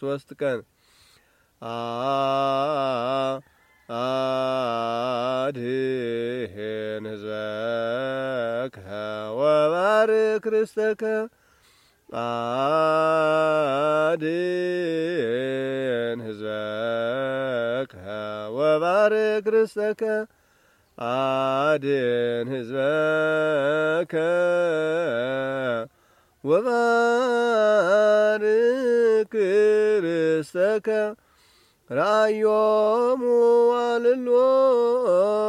ሶስት ቀን አድህን ህዝበከ ወባርክ ርስተከ አድን ህዝበከ ወባርክ ርስተከ አድን ህዝበከ ወባ ክርስተከ ራዮሙ አልሎ